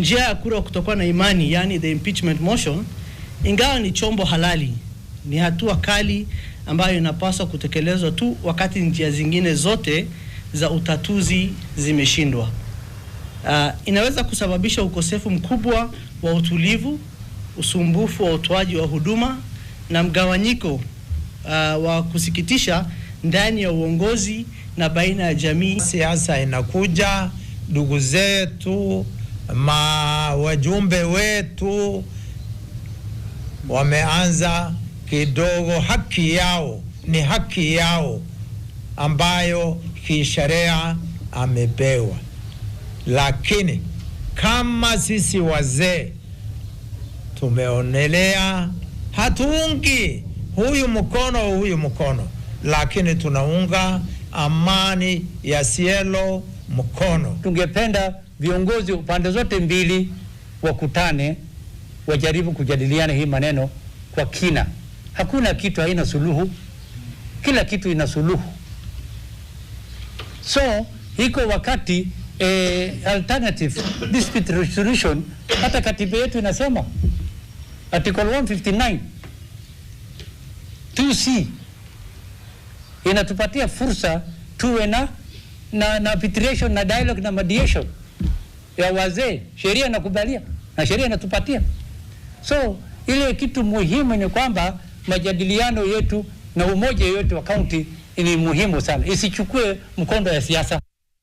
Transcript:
njia ya kura kutokuwa na imani, yani the impeachment motion, ingawa ni chombo halali, ni hatua kali ambayo inapaswa kutekelezwa tu wakati njia zingine zote za utatuzi zimeshindwa. Uh, inaweza kusababisha ukosefu mkubwa wa utulivu, usumbufu wa utoaji wa huduma na mgawanyiko uh, wa kusikitisha ndani ya uongozi na baina ya jamii. Siasa inakuja, ndugu zetu ma wajumbe wetu wameanza kidogo. Haki yao ni haki yao ambayo kisheria amepewa, lakini kama sisi wazee tumeonelea, hatuungi huyu mkono huyu mkono, lakini tunaunga amani ya sielo mkono. Tungependa viongozi upande zote mbili wakutane, wajaribu kujadiliana hii maneno kwa kina. Hakuna kitu haina suluhu, kila kitu ina suluhu. So iko wakati eh, alternative dispute resolution, hata katiba yetu inasema article 159 2C inatupatia fursa tuwe na na, na arbitration na dialogue na mediation ya wazee, sheria inakubalia na sheria inatupatia. So ile kitu muhimu ni kwamba majadiliano yetu na umoja yetu wa kaunti ni muhimu sana, isichukue mkondo ya siasa.